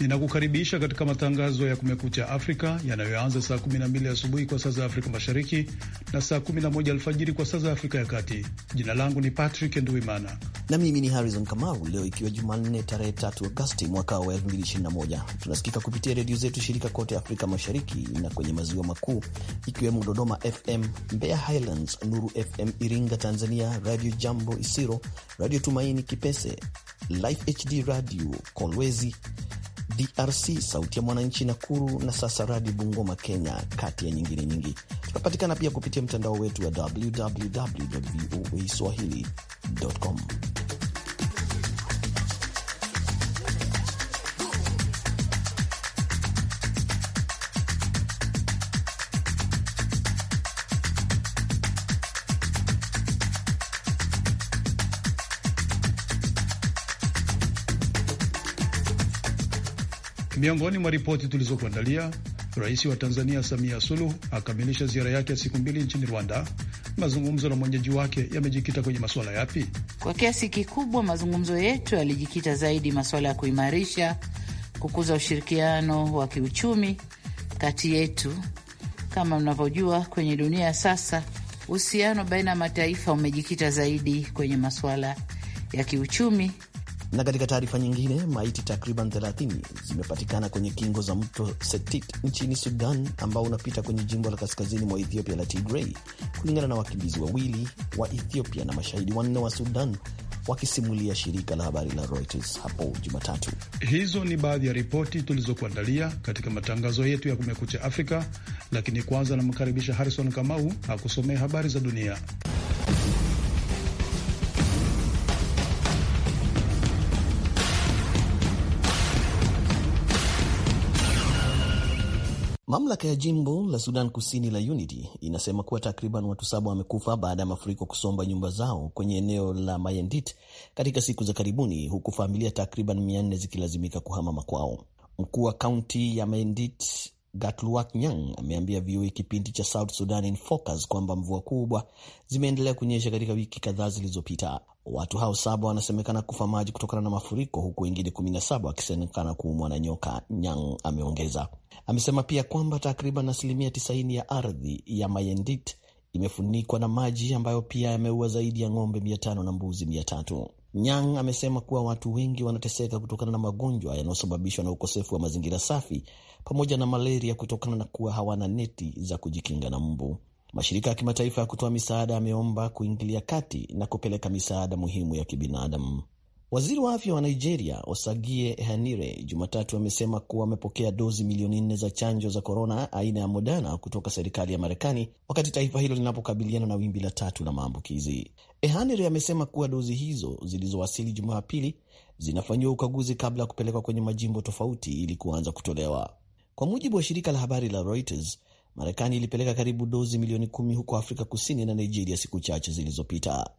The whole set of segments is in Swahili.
ninakukaribisha katika matangazo ya Kumekucha Afrika yanayoanza saa 12 asubuhi kwa saa za Afrika Mashariki na saa 11 alfajiri kwa saa za Afrika ya Kati. Jina langu ni Patrick Nduimana na mimi ni Harrison Kamau. Leo ikiwa Jumanne tarehe 3 Agosti mwaka wa 2021, tunasikika kupitia redio zetu shirika kote Afrika Mashariki na kwenye maziwa makuu ikiwemo Dodoma FM, Mbeya Highlands, Nuru FM Iringa Tanzania, Radio Jambo Isiro, Radio Tumaini Kipese, Life HD Radio Kolwezi, DRC, Sauti ya Mwananchi Nakuru na sasa Radi Bungoma, Kenya, kati ya nyingine nyingi. Tunapatikana pia kupitia mtandao wetu wa www voa swahili.com. Miongoni mwa ripoti tulizokuandalia, rais wa Tanzania Samia Suluhu akamilisha ziara yake ya siku mbili nchini Rwanda. Mazungumzo na mwenyeji wake yamejikita kwenye masuala yapi? Kwa kiasi kikubwa mazungumzo yetu yalijikita zaidi masuala ya kuimarisha, kukuza ushirikiano wa kiuchumi kati yetu. Kama mnavyojua, kwenye dunia sasa uhusiano baina ya mataifa umejikita zaidi kwenye masuala ya kiuchumi na katika taarifa nyingine, maiti takriban 30 zimepatikana kwenye kingo za mto Setit nchini Sudan, ambao unapita kwenye jimbo la kaskazini mwa Ethiopia la tigrey kulingana na wakimbizi wawili wa Ethiopia na mashahidi wanne wa Sudan wakisimulia shirika la habari la Reuters hapo Jumatatu. Hizo ni baadhi ya ripoti tulizokuandalia katika matangazo yetu ya Kumekucha Afrika, lakini kwanza namkaribisha Harrison Kamau akusomea habari za dunia. Mamlaka ya jimbo la Sudan Kusini la Unity inasema kuwa takriban watu saba wamekufa baada ya mafuriko kusomba nyumba zao kwenye eneo la Mayendit katika siku za karibuni, huku familia takriban mia nne zikilazimika kuhama makwao. Mkuu wa kaunti ya Mayendit Gatluak Nyang ameambia VOA kipindi cha South Sudan in Focus kwamba mvua kubwa zimeendelea kunyesha katika wiki kadhaa zilizopita. Watu hao saba wanasemekana kufa maji kutokana na mafuriko, huku wengine 17 wakisemekana kuumwa na nyoka, Nyang ameongeza. Amesema pia kwamba takriban asilimia 90 ya ardhi ya Mayendit imefunikwa na maji ambayo pia yameua zaidi ya ng'ombe 500 na mbuzi 300. Nyang amesema kuwa watu wengi wanateseka kutokana na magonjwa yanayosababishwa na ukosefu wa mazingira safi pamoja na malaria kutokana na kuwa hawana neti za kujikinga na mbu. Mashirika ya kimataifa ya kutoa misaada yameomba kuingilia kati na kupeleka misaada muhimu ya kibinadamu. Waziri wa afya wa Nigeria Osagie Ehanire Jumatatu amesema kuwa amepokea dozi milioni nne za chanjo za korona aina ya Moderna kutoka serikali ya Marekani wakati taifa hilo linapokabiliana na wimbi la tatu la maambukizi. Ehanire amesema kuwa dozi hizo zilizowasili Jumapili zinafanyiwa ukaguzi kabla ya kupelekwa kwenye majimbo tofauti ili kuanza kutolewa. Kwa mujibu wa shirika la habari la Reuters, Marekani ilipeleka karibu dozi milioni kumi huko Afrika Kusini na Nigeria siku chache zilizopita.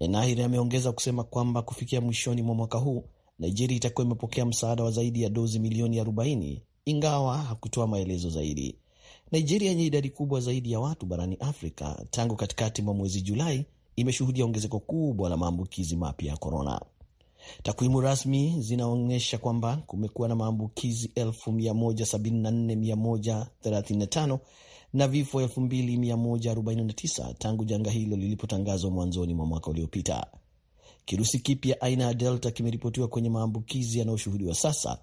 Enahiri ameongeza kusema kwamba kufikia mwishoni mwa mwaka huu Nigeria itakuwa imepokea msaada wa zaidi ya dozi milioni 40, ingawa hakutoa maelezo zaidi. Nigeria yenye idadi kubwa zaidi ya watu barani Afrika tangu katikati mwa mwezi Julai imeshuhudia ongezeko kubwa la maambukizi mapya ya korona. Takwimu rasmi zinaonyesha kwamba kumekuwa na maambukizi 174135 na vifo 2149 tangu janga hilo lilipotangazwa mwanzoni mwa mwaka uliopita. Kirusi kipya aina ya Delta kimeripotiwa kwenye maambukizi yanayoshuhudiwa sasa,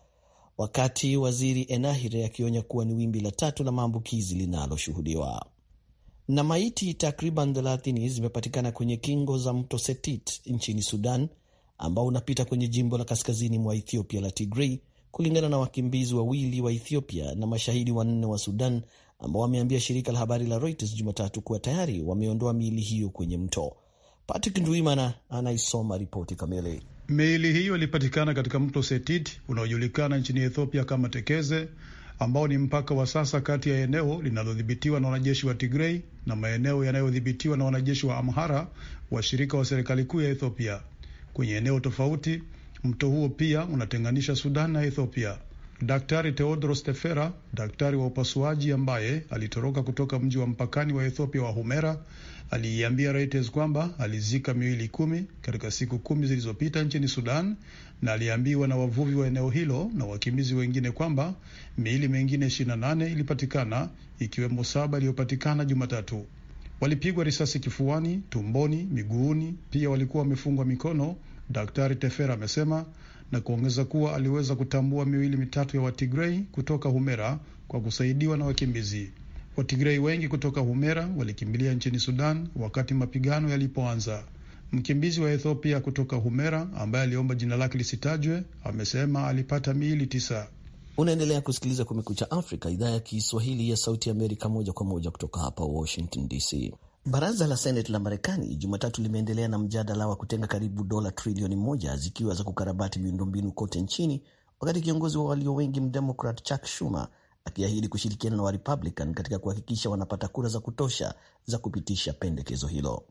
wakati waziri Enahire akionya kuwa ni wimbi la tatu la maambukizi linaloshuhudiwa. Na maiti takriban 30 zimepatikana kwenye kingo za mto Setit nchini Sudan, ambao unapita kwenye jimbo la kaskazini mwa Ethiopia la Tigrei, kulingana na wakimbizi wawili wa Ethiopia na mashahidi wanne wa Sudan ambao wameambia shirika la habari la Reuters Jumatatu kuwa tayari wameondoa miili hiyo kwenye mto. Patrick Ndwimana anaisoma ripoti kamili. Miili hiyo ilipatikana katika mto Setit unaojulikana nchini Ethiopia kama Tekeze, ambao ni mpaka wa sasa kati ya eneo linalodhibitiwa na wanajeshi wa Tigrei na maeneo yanayodhibitiwa na wanajeshi wa Amhara, washirika wa serikali kuu ya Ethiopia. Kwenye eneo tofauti, mto huo pia unatenganisha Sudan na Ethiopia. Daktari Teodros Tefera, daktari wa upasuaji ambaye alitoroka kutoka mji wa mpakani wa Ethiopia wa Humera, aliiambia Reuters kwamba alizika miili kumi katika siku kumi zilizopita nchini Sudan, na aliambiwa na wavuvi wa eneo hilo na wakimbizi wengine kwamba miili mingine 28 ilipatikana, ikiwemo saba iliyopatikana Jumatatu. Walipigwa risasi kifuani, tumboni, miguuni, pia walikuwa wamefungwa mikono Daktari Tefera amesema na kuongeza kuwa aliweza kutambua miwili mitatu ya Watigrei kutoka Humera kwa kusaidiwa na wakimbizi. Watigrei wengi kutoka Humera walikimbilia nchini Sudan wakati mapigano yalipoanza. Mkimbizi wa Ethiopia kutoka Humera ambaye aliomba jina lake lisitajwe amesema alipata miili tisa. Unaendelea kusikiliza Kumekucha Afrika, idhaa ya Kiswahili ya Sauti Amerika, moja kwa moja kutoka hapa Washington DC. Baraza la Seneti la Marekani Jumatatu limeendelea na mjadala wa kutenga karibu dola trilioni moja zikiwa za kukarabati miundombinu kote nchini, wakati kiongozi wa walio wengi mdemokrat Chuck Schumer akiahidi kushirikiana na Warepublican katika kuhakikisha wanapata kura za kutosha za kupitisha pendekezo hilo.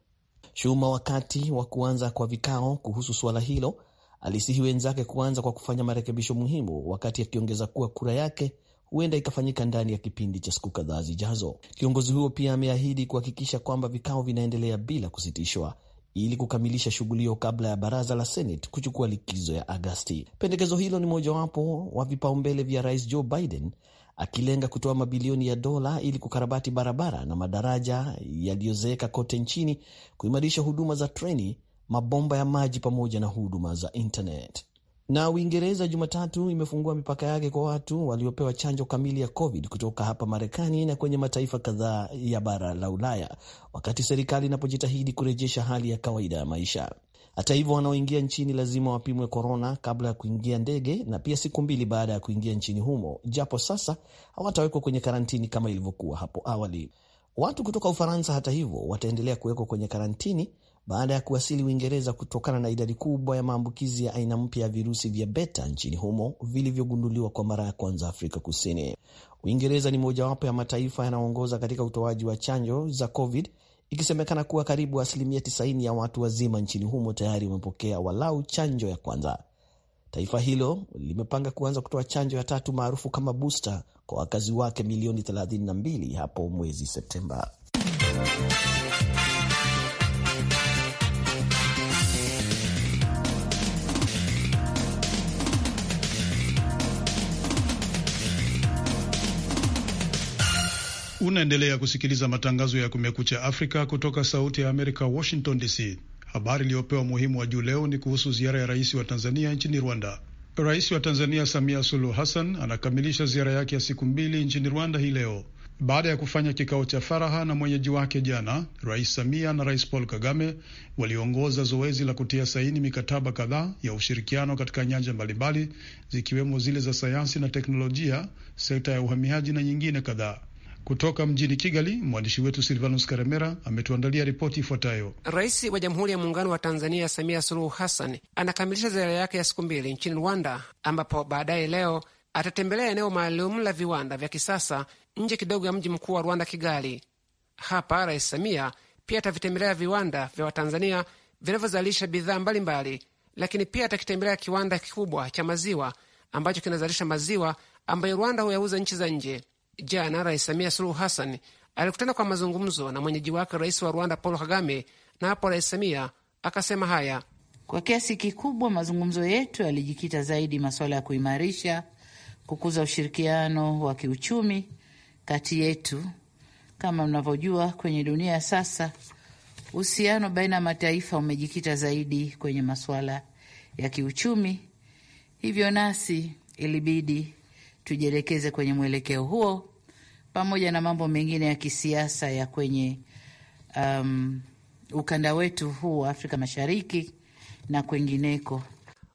Schumer, wakati wa kuanza kwa vikao kuhusu suala hilo, alisihi wenzake kuanza kwa kufanya marekebisho muhimu, wakati akiongeza kuwa kura yake huenda ikafanyika ndani ya kipindi cha siku kadhaa zijazo. Kiongozi huo pia ameahidi kuhakikisha kwamba vikao vinaendelea bila kusitishwa ili kukamilisha shughuli hiyo kabla ya baraza la Senate kuchukua likizo ya Agasti. Pendekezo hilo ni mojawapo wa vipaumbele vya Rais Joe Biden, akilenga kutoa mabilioni ya dola ili kukarabati barabara na madaraja yaliyozeeka kote nchini, kuimarisha huduma za treni, mabomba ya maji pamoja na huduma za internet. Na Uingereza Jumatatu imefungua mipaka yake kwa watu waliopewa chanjo kamili ya COVID kutoka hapa Marekani na kwenye mataifa kadhaa ya bara la Ulaya, wakati serikali inapojitahidi kurejesha hali ya kawaida ya maisha. Hata hivyo, wanaoingia nchini lazima wapimwe korona kabla ya kuingia ndege na pia siku mbili baada ya kuingia nchini humo, japo sasa hawatawekwa kwenye karantini kama ilivyokuwa hapo awali. Watu kutoka Ufaransa, hata hivyo, wataendelea kuwekwa kwenye karantini baada ya kuwasili Uingereza kutokana na idadi kubwa ya maambukizi ya aina mpya ya virusi vya beta nchini humo vilivyogunduliwa kwa mara ya kwanza Afrika Kusini. Uingereza ni mojawapo ya mataifa yanayoongoza katika utoaji wa chanjo za COVID, ikisemekana kuwa karibu asilimia 90 ya watu wazima nchini humo tayari wamepokea walau chanjo ya kwanza. Taifa hilo limepanga kuanza kutoa chanjo ya tatu maarufu kama booster kwa wakazi wake milioni 32 hapo mwezi Septemba. Unaendelea kusikiliza matangazo ya Kumekucha Afrika kutoka Sauti ya Amerika, Washington DC. Habari iliyopewa umuhimu wa juu leo ni kuhusu ziara ya rais wa Tanzania nchini Rwanda. Rais wa Tanzania Samia Suluhu Hassan anakamilisha ziara yake ya siku mbili nchini Rwanda hii leo baada ya kufanya kikao cha faraha na mwenyeji wake jana. Rais Samia na Rais Paul Kagame waliongoza zoezi la kutia saini mikataba kadhaa ya ushirikiano katika nyanja mbalimbali zikiwemo zile za sayansi na teknolojia, sekta ya uhamiaji na nyingine kadhaa. Kutoka mjini Kigali, mwandishi wetu Silvanus Karemera ametuandalia ripoti ifuatayo. Rais wa Jamhuri ya Muungano wa Tanzania Samia Suluhu Hassan anakamilisha ziara yake ya siku mbili nchini Rwanda, ambapo baadaye leo atatembelea eneo maalum la viwanda vya kisasa nje kidogo ya mji mkuu wa Rwanda, Kigali. Hapa Rais Samia pia atavitembelea viwanda vya Watanzania vinavyozalisha bidhaa mbalimbali, lakini pia atakitembelea kiwanda kikubwa cha maziwa ambacho kinazalisha maziwa ambayo Rwanda huyauza nchi za nje. Jana Rais Samia Suluhu Hassan alikutana kwa mazungumzo na mwenyeji wake Rais wa Rwanda Paul Kagame, na hapo Rais Samia akasema haya: kwa kiasi kikubwa mazungumzo yetu yalijikita zaidi masuala ya kuimarisha, kukuza ushirikiano wa kiuchumi kati yetu. Kama mnavyojua, kwenye dunia ya sasa uhusiano baina ya mataifa umejikita zaidi kwenye masuala ya kiuchumi, hivyo nasi ilibidi tujielekeze kwenye mwelekeo huo pamoja na mambo mengine ya kisiasa ya kwenye um, ukanda wetu huu wa Afrika Mashariki na kwengineko.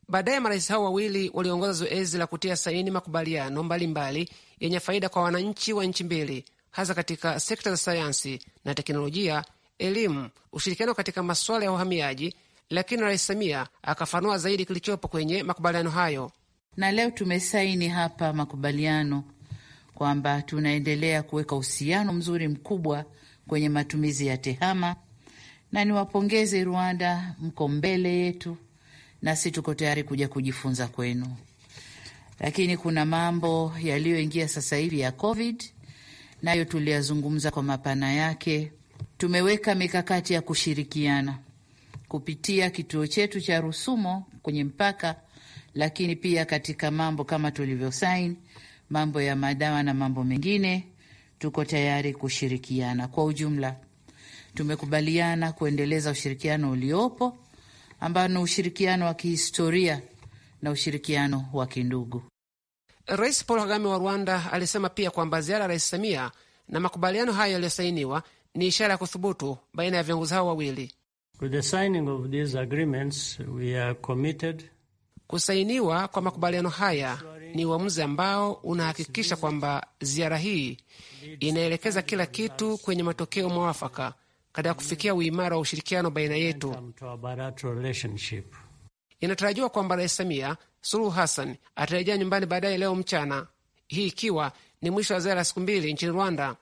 Baadaye marais hao wawili waliongoza zoezi la kutia saini makubaliano mbalimbali yenye faida kwa wananchi wa nchi mbili, hasa katika sekta za sayansi na teknolojia, elimu, ushirikiano katika masuala ya uhamiaji. Lakini Rais Samia akafanua zaidi kilichopo kwenye makubaliano hayo na leo tumesaini hapa makubaliano kwamba tunaendelea kuweka uhusiano mzuri mkubwa kwenye matumizi ya tehama, na niwapongeze Rwanda, mko mbele yetu, nasi tuko tayari kuja kujifunza kwenu. Lakini kuna mambo yaliyoingia sasa hivi ya COVID, nayo tuliyazungumza kwa mapana yake. Tumeweka mikakati ya kushirikiana kupitia kituo chetu cha Rusumo kwenye mpaka lakini pia katika mambo kama tulivyosain mambo ya madawa na mambo mengine, tuko tayari kushirikiana. Kwa ujumla, tumekubaliana kuendeleza ushirikiano uliopo ambao ni ushirikiano wa kihistoria na ushirikiano wa kindugu. Rais Paul Kagame wa Rwanda alisema pia kwamba ziara ya Rais Samia na makubaliano hayo yaliyosainiwa ni ishara ya kuthubutu baina ya viongozi hao wawili. With the signing of these agreements, we are committed Kusainiwa kwa makubaliano haya ni uamuzi ambao unahakikisha kwamba ziara hii inaelekeza kila kitu kwenye matokeo mwafaka katika kufikia uimara wa ushirikiano baina yetu. Inatarajiwa kwamba Rais Samia Suluhu Hassan atarejea nyumbani baadaye leo mchana, hii ikiwa ni mwisho wa ziara ya siku mbili nchini Rwanda.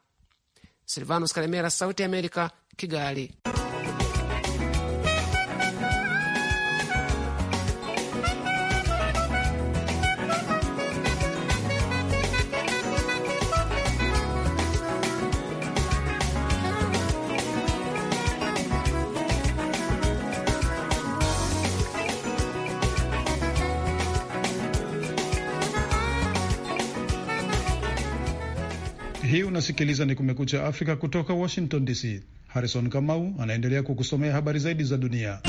Silvanus Kalemera, Sauti ya Amerika, Kigali. unasikiliza ni Kumekucha Afrika kutoka Washington DC. Harrison Kamau anaendelea kukusomea habari zaidi za dunia.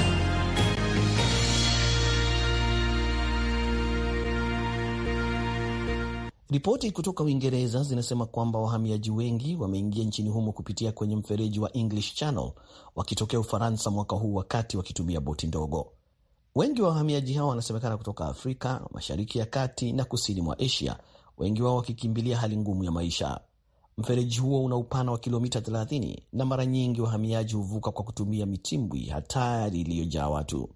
Ripoti kutoka Uingereza zinasema kwamba wahamiaji wengi wameingia nchini humo kupitia kwenye mfereji wa English Channel wakitokea Ufaransa mwaka huu wakati wakitumia boti ndogo. Wengi wa wahamiaji hao wanasemekana kutoka Afrika, Mashariki ya Kati na kusini mwa Asia, wengi wao wakikimbilia hali ngumu ya maisha. Mfereji huo una upana wa kilomita 30 na mara nyingi wahamiaji huvuka kwa kutumia mitimbwi hatari iliyojaa watu.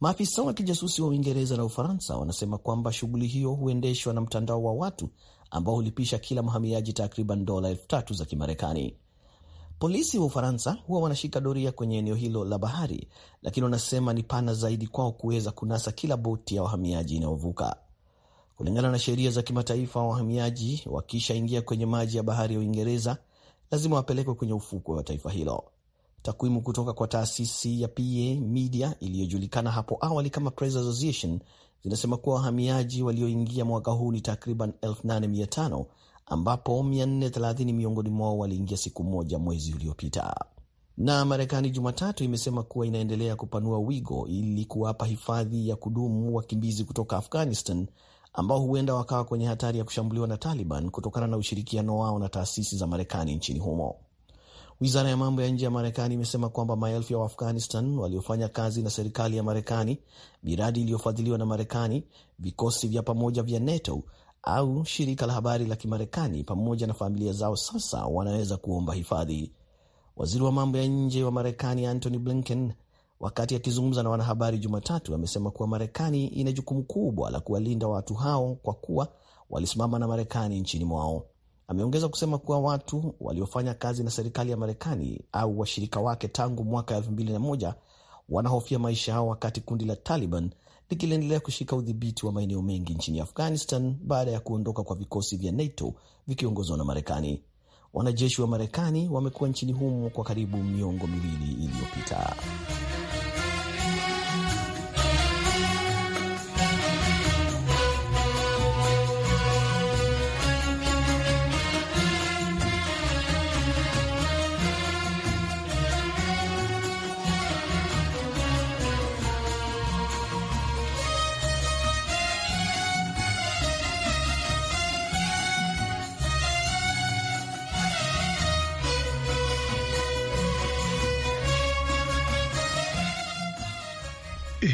Maafisa wa kijasusi wa Uingereza na Ufaransa wanasema kwamba shughuli hiyo huendeshwa na mtandao wa watu ambao hulipisha kila mhamiaji takriban dola elfu tatu za Kimarekani. Polisi wa Ufaransa huwa wanashika doria kwenye eneo hilo la bahari, lakini wanasema ni pana zaidi kwao kuweza kunasa kila boti ya wahamiaji inayovuka. Kulingana na sheria za kimataifa, wahamiaji wakishaingia kwenye maji ya bahari ya Uingereza lazima wapelekwe kwenye ufukwe wa taifa hilo. Takwimu kutoka kwa taasisi ya PA Media iliyojulikana hapo awali kama Press Association zinasema kuwa wahamiaji walioingia mwaka huu ni takriban 8500 ambapo 430 miongoni mwao waliingia siku moja mwezi uliopita. Na Marekani Jumatatu imesema kuwa inaendelea kupanua wigo ili kuwapa hifadhi ya kudumu wakimbizi kutoka Afghanistan ambao huenda wakawa kwenye hatari ya kushambuliwa na Taliban kutokana na ushirikiano wao na taasisi za Marekani nchini humo. Wizara ya mambo ya nje ya Marekani imesema kwamba maelfu ya Waafghanistan waliofanya kazi na serikali ya Marekani, miradi iliyofadhiliwa na Marekani, vikosi vya pamoja vya NATO au shirika la habari la Kimarekani, pamoja na familia zao, sasa wanaweza kuomba hifadhi. Waziri wa mambo ya nje wa Marekani Antony Blinken Wakati akizungumza na wanahabari Jumatatu, amesema kuwa Marekani ina jukumu kubwa la kuwalinda watu hao kwa kuwa walisimama na Marekani nchini mwao. Ameongeza kusema kuwa watu waliofanya kazi na serikali ya Marekani au washirika wake tangu mwaka 2001 wanahofia maisha yao wakati kundi la Taliban likiliendelea kushika udhibiti wa maeneo mengi nchini Afghanistan baada ya kuondoka kwa vikosi vya NATO vikiongozwa na Marekani. Wanajeshi wa Marekani wamekuwa nchini humo kwa karibu miongo miwili iliyopita.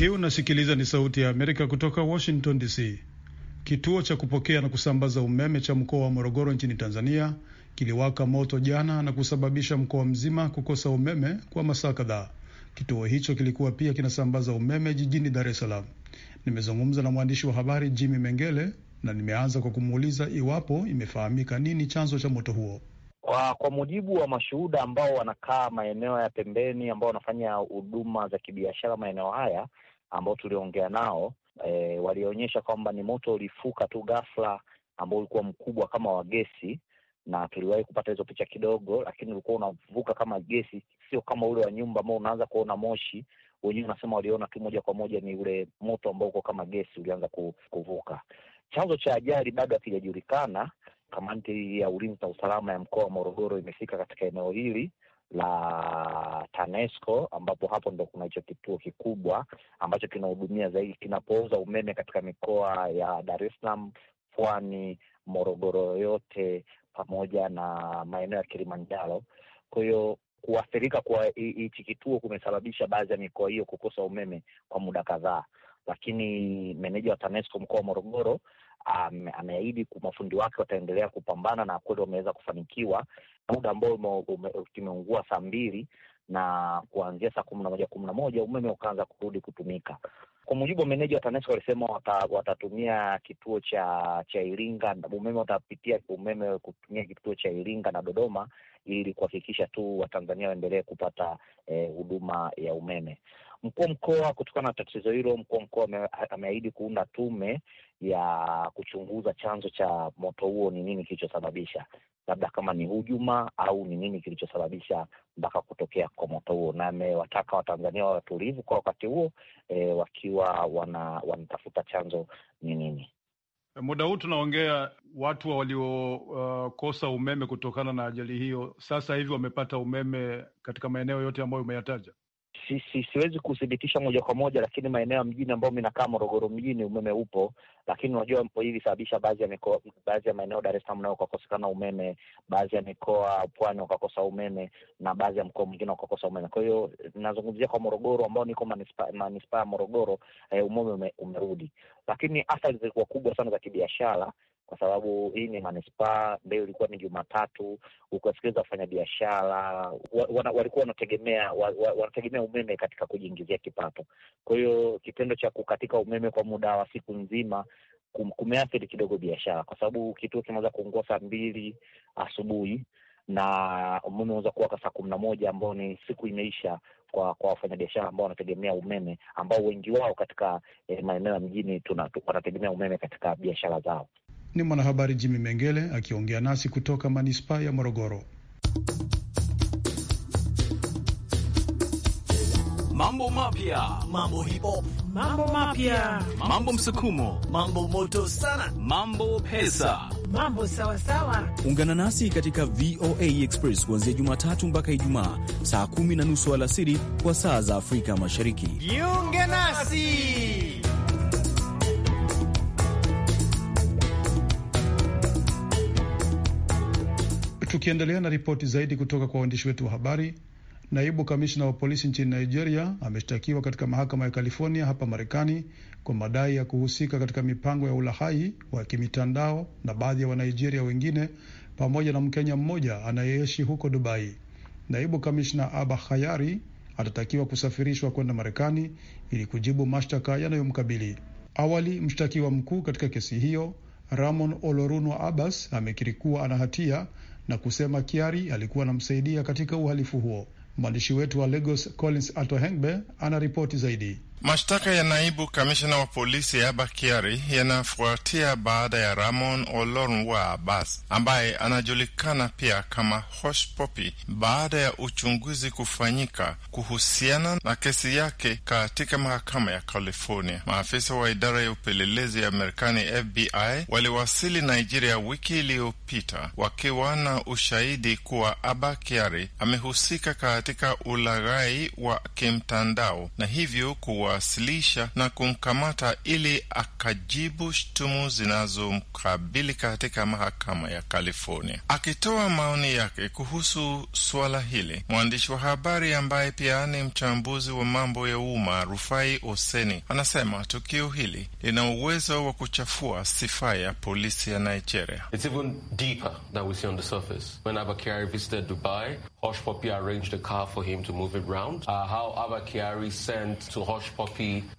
Hii unasikiliza ni Sauti ya Amerika kutoka Washington DC. Kituo cha kupokea na kusambaza umeme cha mkoa wa Morogoro nchini Tanzania kiliwaka moto jana na kusababisha mkoa mzima kukosa umeme kwa masaa kadhaa. Kituo hicho kilikuwa pia kinasambaza umeme jijini Dar es Salaam. Nimezungumza na mwandishi wa habari Jimmy Mengele na nimeanza kwa kumuuliza iwapo imefahamika nini chanzo cha moto huo. Kwa mujibu wa mashuhuda ambao wanakaa maeneo ya pembeni, ambao wanafanya huduma za kibiashara maeneo haya, ambao tuliongea nao e, walionyesha kwamba ni moto ulifuka tu ghafla ambao ulikuwa mkubwa kama wa gesi, na tuliwahi kupata hizo picha kidogo, lakini ulikuwa unavuka kama gesi, sio kama ule wa nyumba ambao unaanza kuona moshi wenyewe. Unasema waliona tu moja kwa moja ni ule moto ambao uko kama gesi ulianza kuvuka. Chanzo cha ajali bado hakijajulikana. Kamati ya ulinzi na usalama ya mkoa wa Morogoro imefika katika eneo hili la TANESCO ambapo hapo ndo kuna hicho kituo kikubwa ambacho kinahudumia zaidi kinapouza umeme katika mikoa ya Dar es Salaam, Pwani, Morogoro yote pamoja na maeneo ya Kilimanjaro. Kwa hiyo kuathirika kwa hichi kituo kumesababisha baadhi ya mikoa hiyo kukosa umeme kwa muda kadhaa, lakini meneja wa TANESCO mkoa wa Morogoro ameahidi mafundi wake wataendelea kupambana na kweli wameweza kufanikiwa. Muda ambao kimeungua saa mbili na kuanzia saa kumi na moja kumi na moja umeme ukaanza kurudi kutumika. Kwa mujibu wa meneja wa TANESCO walisema wata, watatumia kituo cha cha Iringa umeme watapitia umeme kutumia kituo cha Iringa na Dodoma ili kuhakikisha tu Watanzania waendelee kupata eh, huduma eh, ya umeme. Mkuu wa mkoa, kutokana na tatizo hilo, mkuu wa mkoa ameahidi kuunda tume ya kuchunguza chanzo cha moto huo, ni nini kilichosababisha, labda kama ni hujuma au ni nini kilichosababisha mpaka kutokea kwa moto huo, na amewataka Watanzania wa watulivu kwa wakati huo e, wakiwa wana, wanatafuta chanzo ni nini. Muda huu tunaongea, watu waliokosa uh, umeme kutokana na ajali hiyo, sasa hivi wamepata umeme katika maeneo yote ambayo umeyataja si, si, siwezi kuthibitisha moja kwa moja, lakini maeneo ya mjini ambayo mi nakaa Morogoro mjini umeme upo, lakini unajua hii ilisababisha baadhi ya mikoa, baadhi ya maeneo Dar es Salaam nayo ukakosekana umeme, baadhi ya mikoa Pwani ukakosa umeme na baadhi ya mkoa mwingine ukakosa umeme. Kwa hiyo nazungumzia kwa Morogoro ambao niko manispaa manispa ya Morogoro eh, umeme umerudi, lakini athari zilikuwa kubwa sana za kibiashara kwa sababu hii ni manispaa. Leo ilikuwa ni Jumatatu, ukiwasikiliza wafanyabiashara wana, walikuwa wanategemea wa, wa, wanategemea umeme katika kujiingizia kipato. Kwa hiyo kitendo cha kukatika umeme kwa muda wa siku nzima kum, kumeathiri kidogo biashara, kwa sababu kituo kinaweza kuungua saa mbili asubuhi na umeme unaweza kuwaka saa kumi na moja ambao ni siku imeisha kwa kwa wafanyabiashara ambao wanategemea umeme ambao wengi wao katika eh, maeneo ya mjini wanategemea umeme katika biashara zao. Ni mwanahabari Jimmy Mengele akiongea nasi kutoka manispaa ya Morogoro. Mambo mapya, mambo hipo, mambo mapya, mambo msukumo, mambo moto sana, mambo pesa, mambo sawasawa. Ungana nasi katika VOA Express kuanzia Jumatatu mpaka Ijumaa saa kumi na nusu alasiri kwa saa za Afrika Mashariki. Jiunge nasi. Tukiendelea na ripoti zaidi kutoka kwa waandishi wetu wa habari, naibu kamishna wa polisi nchini Nigeria ameshtakiwa katika mahakama ya California hapa Marekani kwa madai ya kuhusika katika mipango ya ulahai wa kimitandao na baadhi ya Wanigeria wengine pamoja na Mkenya mmoja anayeishi huko Dubai. Naibu kamishna Aba Khayari atatakiwa kusafirishwa kwenda Marekani ili kujibu mashtaka yanayomkabili. Awali, mshtakiwa mkuu katika kesi hiyo Ramon Olorunwa Abbas amekiri kuwa ana hatia na kusema Kiari alikuwa anamsaidia katika uhalifu huo. Mwandishi wetu wa Lagos Collins Atohengbe anaripoti zaidi. Mashtaka ya naibu kamishna wa polisi ya Aba Kiari yanafuatia baada ya Ramon Olorunwa Abbas ambaye anajulikana pia kama hosh Poppy, baada ya uchunguzi kufanyika kuhusiana na kesi yake katika mahakama ya California. Maafisa wa idara ya upelelezi ya Marekani FBI waliwasili Nigeria wiki iliyopita wakiwa na ushahidi kuwa Aba Kiari amehusika katika katika ulaghai wa kimtandao na hivyo kuwasilisha na kumkamata ili akajibu shtumu zinazomkabili katika mahakama ya California. Akitoa maoni yake kuhusu suala hili, mwandishi wa habari ambaye pia ni mchambuzi wa mambo ya umma Rufai Oseni anasema tukio hili lina uwezo wa kuchafua sifa ya polisi ya Nigeria. It's even car for him to move it around. Uh, how Abba Kiari sent to Hush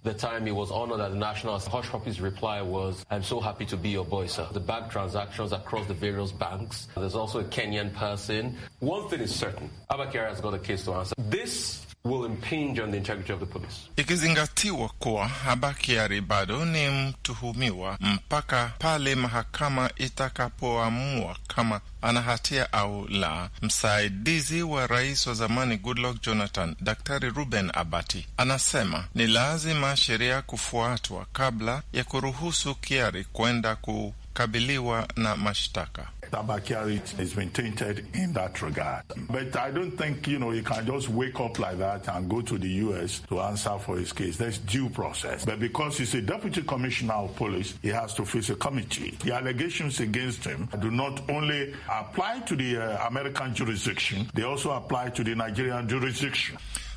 the time he was honored at the Nationals. Hush reply was, I'm so happy to be your boy, sir. The bank transactions across the various banks. There's also a Kenyan person. One thing is certain, Abba Kiari has got a case to answer. This will impinge on the integrity of the police. Ikizingatiwa kuwa Habakiari bado ni mtuhumiwa mpaka pale mahakama itakapoamua kama ana hatia au la. Msaidizi wa rais wa zamani Goodluck Jonathan, Daktari Ruben Abati, anasema ni lazima sheria kufuatwa kabla ya kuruhusu Kiari kwenda kukabiliwa na mashtaka. Tabakiari has been tainted in that regard. But I don't think, you know, you can just wake up like that and go to the U.S. to answer for his case. There's due process. But because he's a deputy commissioner of police, he has to face a committee. The allegations against him do not only apply to the uh, American jurisdiction, they also apply to the Nigerian jurisdiction.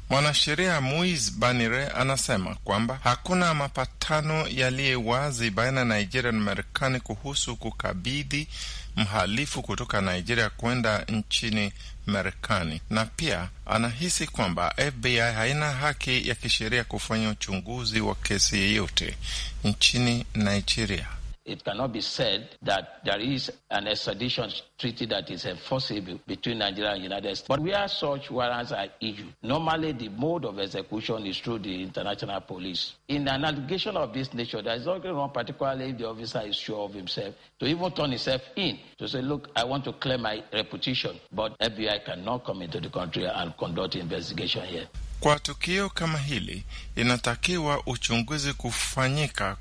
Mwanasheria Muiz Banire anasema kwamba hakuna mapatano yaliyo wazi baina ya Nigeria na Marekani kuhusu kukabidhi mhalifu kutoka Nigeria kwenda nchini Marekani, na pia anahisi kwamba FBI haina haki ya kisheria kufanya uchunguzi wa kesi yeyote nchini Nigeria. It cannot be said that there is an extradition treaty that is enforceable between Nigeria and the United States. But where such warrants are issued, normally the mode of execution is through the international police. In an allegation of this nature, there is nothing wrong, particularly if the officer is sure of himself, to even turn himself in to say, look, I want to clear my reputation, but FBI cannot come into the country and conduct investigation here. Kwa tukio kama hili inatakiwa uchunguzi kufanyika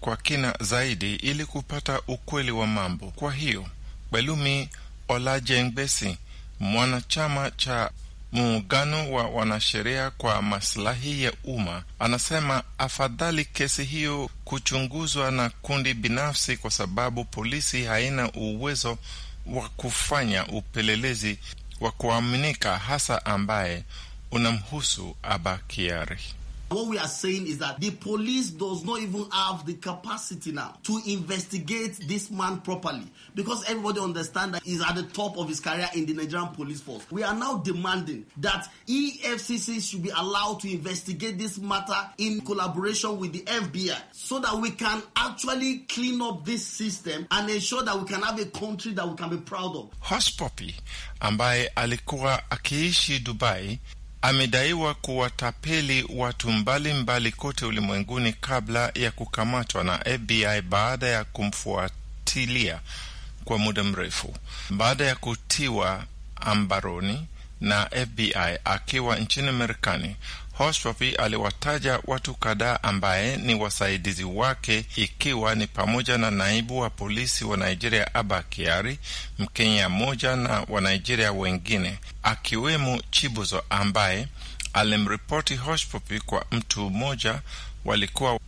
kwa kina zaidi ili kupata ukweli wa mambo. Kwa hiyo Gwelumi Olajengbesi, mwanachama cha muungano wa wanasheria kwa masilahi ya umma, anasema afadhali kesi hiyo kuchunguzwa na kundi binafsi, kwa sababu polisi haina uwezo wa kufanya upelelezi wa kuaminika, hasa ambaye unamhusu Abakiari. What we are saying is that the police does not even have the capacity now to investigate this man properly because everybody understands that he's at the top of his career in the Nigerian police force. We are now demanding that EFCC should be allowed to investigate this matter in collaboration with the FBI so that we can actually clean up this system and ensure that we can have a country that we can be proud of. Hush Poppy, and by Alikura Dubai, amedaiwa kuwatapeli watu mbalimbali mbali kote ulimwenguni kabla ya kukamatwa na FBI baada ya kumfuatilia kwa muda mrefu. Baada ya kutiwa ambaroni na FBI akiwa nchini Marekani, Hoshpoppi aliwataja watu kadhaa ambaye ni wasaidizi wake ikiwa ni pamoja na naibu wa polisi wa Nigeria Aba Kiari, Mkenya mmoja na Wanigeria wengine akiwemo Chibuzo ambaye alimripoti hoshpopi kwa mtu mmoja walikuwa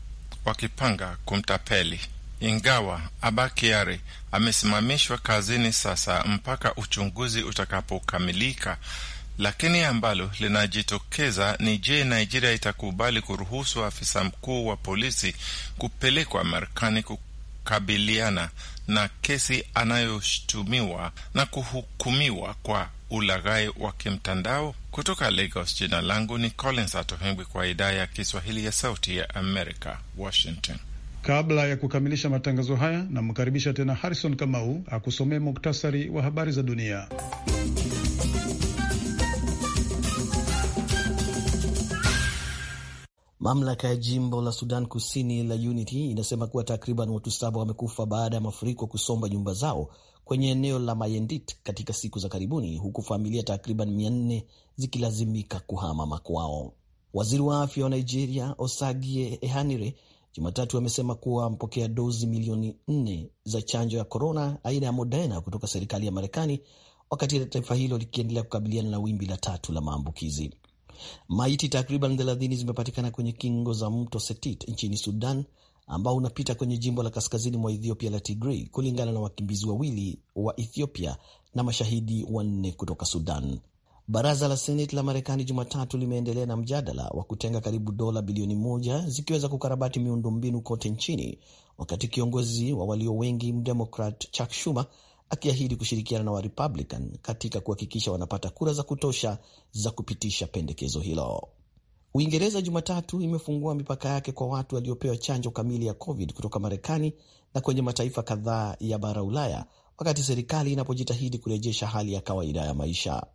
wakipanga kumtapeli. Ingawa Abakiari amesimamishwa kazini sasa mpaka uchunguzi utakapokamilika, lakini ambalo linajitokeza ni je, Nigeria itakubali kuruhusu afisa mkuu wa polisi kupelekwa Marekani kukabiliana na kesi anayoshutumiwa na kuhukumiwa kwa ulaghai wa kimtandao. Kutoka Lagos, jina langu ni Collins Atohengwi kwa idhaa ya Kiswahili ya Sauti ya Amerika, Washington. Kabla ya kukamilisha matangazo haya, namkaribisha tena Harrison Kamau akusomee muktasari wa habari za dunia. Mamlaka ya jimbo la Sudan Kusini la Unity inasema kuwa takriban watu saba wamekufa baada ya mafuriko kusomba nyumba zao kwenye eneo la Mayendit katika siku za karibuni, huku familia takriban mia nne zikilazimika kuhama makwao. Waziri wa afya wa Nigeria Osagie Ehanire Jumatatu amesema kuwa amepokea dozi milioni nne za chanjo ya korona aina ya Moderna kutoka serikali ya Marekani, wakati taifa hilo likiendelea kukabiliana na wimbi la tatu la maambukizi. Maiti takriban thelathini zimepatikana kwenye kingo za mto Setit nchini Sudan ambao unapita kwenye jimbo la kaskazini mwa Ethiopia la Tigray, kulingana na wakimbizi wawili wa Ethiopia na mashahidi wanne kutoka Sudan. Baraza la Seneti la Marekani Jumatatu limeendelea na mjadala wa kutenga karibu dola bilioni moja zikiweza kukarabati miundombinu kote nchini, wakati kiongozi wa walio wengi Mdemokrat Chuck Schumer akiahidi kushirikiana na Warepublican katika kuhakikisha wanapata kura za kutosha za kupitisha pendekezo hilo. Uingereza Jumatatu imefungua mipaka yake kwa watu waliopewa chanjo kamili ya COVID kutoka Marekani na kwenye mataifa kadhaa ya bara Ulaya, wakati serikali inapojitahidi kurejesha hali ya kawaida ya maisha.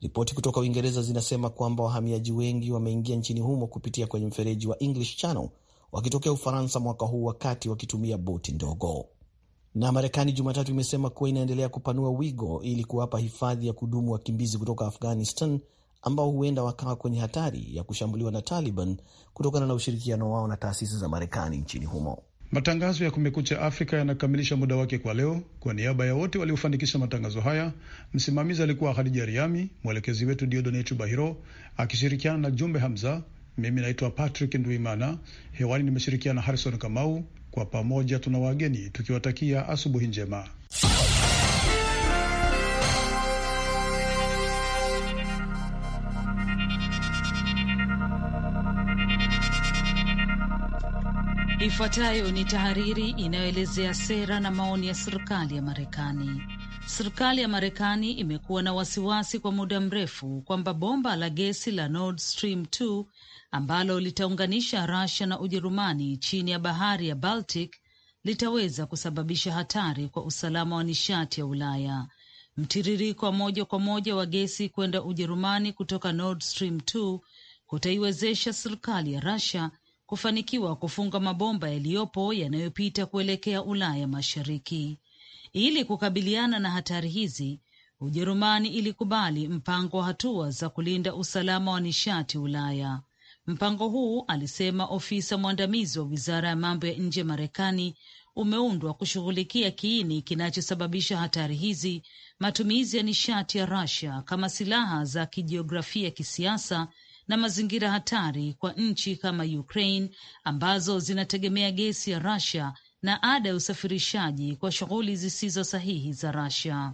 Ripoti kutoka Uingereza zinasema kwamba wahamiaji wengi wameingia nchini humo kupitia kwenye mfereji wa English Channel wakitokea Ufaransa mwaka huu, wakati wakitumia boti ndogo. Na Marekani Jumatatu imesema kuwa inaendelea kupanua wigo ili kuwapa hifadhi ya kudumu wakimbizi kutoka Afghanistan ambao huenda wakawa kwenye hatari ya kushambuliwa na Taliban kutokana na ushirikiano wao na taasisi za Marekani nchini humo. Matangazo ya Kumekucha Afrika yanakamilisha muda wake kwa leo. Kwa niaba ya wote waliofanikisha matangazo haya, msimamizi alikuwa Hadija Riami, mwelekezi wetu Diodonetu Bahiro akishirikiana na Jumbe Hamza. Mimi naitwa Patrick Nduimana, hewani nimeshirikiana na Harrison Kamau. Kwa pamoja tuna wageni tukiwatakia asubuhi njema. Ifuatayo ni tahariri inayoelezea sera na maoni ya serikali ya Marekani. Serikali ya Marekani imekuwa na wasiwasi kwa muda mrefu kwamba bomba la gesi la Nord Stream 2 ambalo litaunganisha Russia na Ujerumani chini ya bahari ya Baltic litaweza kusababisha hatari kwa usalama wa nishati ya Ulaya. Mtiririko wa moja kwa moja wa gesi kwenda Ujerumani kutoka Nord Stream 2 kutaiwezesha serikali ya Russia kufanikiwa kufunga mabomba yaliyopo yanayopita kuelekea Ulaya Mashariki. Ili kukabiliana na hatari hizi, Ujerumani ilikubali mpango wa hatua za kulinda usalama wa nishati Ulaya. Mpango huu, alisema ofisa mwandamizi wa wizara ya mambo ya nje ya Marekani, umeundwa kushughulikia kiini kinachosababisha hatari hizi, matumizi ya nishati ya rasia kama silaha za kijiografia, kisiasa na mazingira hatari kwa nchi kama Ukraine ambazo zinategemea gesi ya rasia na ada ya usafirishaji kwa shughuli zisizo sahihi za rasia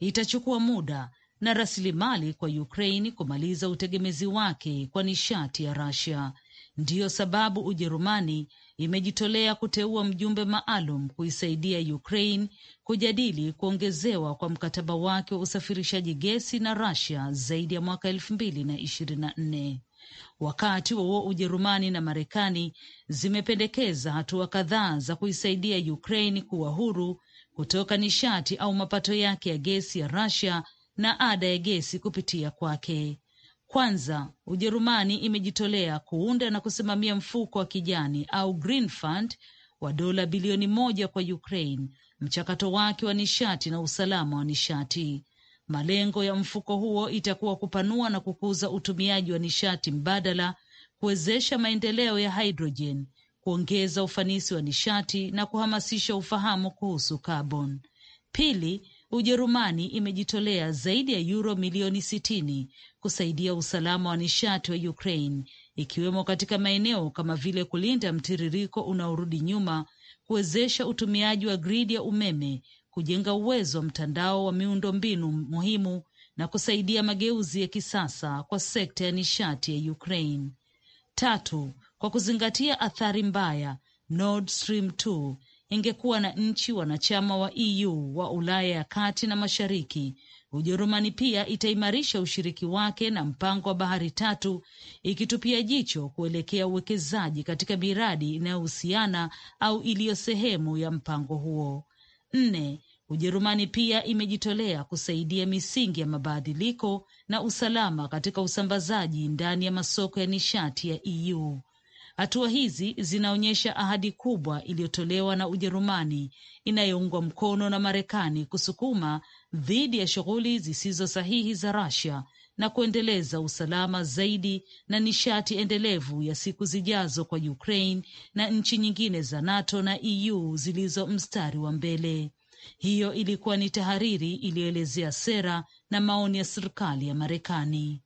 Itachukua muda na rasilimali kwa Ukraine kumaliza utegemezi wake kwa nishati ya rasia Ndiyo sababu Ujerumani imejitolea kuteua mjumbe maalum kuisaidia Ukraine kujadili kuongezewa kwa mkataba wake wa usafirishaji gesi na rasia zaidi ya mwaka elfu mbili na ishirini na nne. Wakati wa huo Ujerumani na Marekani zimependekeza hatua kadhaa za kuisaidia Ukraine kuwa huru kutoka nishati au mapato yake ya gesi ya Russia na ada ya gesi kupitia kwake. Kwanza, Ujerumani imejitolea kuunda na kusimamia mfuko wa kijani au Green Fund wa dola bilioni moja kwa Ukraine, mchakato wake wa nishati na usalama wa nishati. Malengo ya mfuko huo itakuwa kupanua na kukuza utumiaji wa nishati mbadala, kuwezesha maendeleo ya hidrojeni, kuongeza ufanisi wa nishati na kuhamasisha ufahamu kuhusu carbon. Pili, Ujerumani imejitolea zaidi ya yuro milioni sitini kusaidia usalama wa nishati wa Ukraine, ikiwemo katika maeneo kama vile kulinda mtiririko unaorudi nyuma, kuwezesha utumiaji wa gridi ya umeme kujenga uwezo wa mtandao wa miundo mbinu muhimu na kusaidia mageuzi ya kisasa kwa sekta ya nishati ya Ukraine. Tatu, kwa kuzingatia athari mbaya, Nord Stream 2 ingekuwa na nchi wanachama wa EU wa Ulaya ya kati na mashariki. Ujerumani pia itaimarisha ushiriki wake na mpango wa bahari tatu, ikitupia jicho kuelekea uwekezaji katika miradi inayohusiana au iliyo sehemu ya mpango huo. Nne, Ujerumani pia imejitolea kusaidia misingi ya mabadiliko na usalama katika usambazaji ndani ya masoko ya nishati ya EU. Hatua hizi zinaonyesha ahadi kubwa iliyotolewa na Ujerumani inayoungwa mkono na Marekani kusukuma dhidi ya shughuli zisizo sahihi za Russia na kuendeleza usalama zaidi na nishati endelevu ya siku zijazo kwa Ukraine na nchi nyingine za NATO na EU zilizo mstari wa mbele. Hiyo ilikuwa ni tahariri iliyoelezea sera na maoni ya serikali ya Marekani.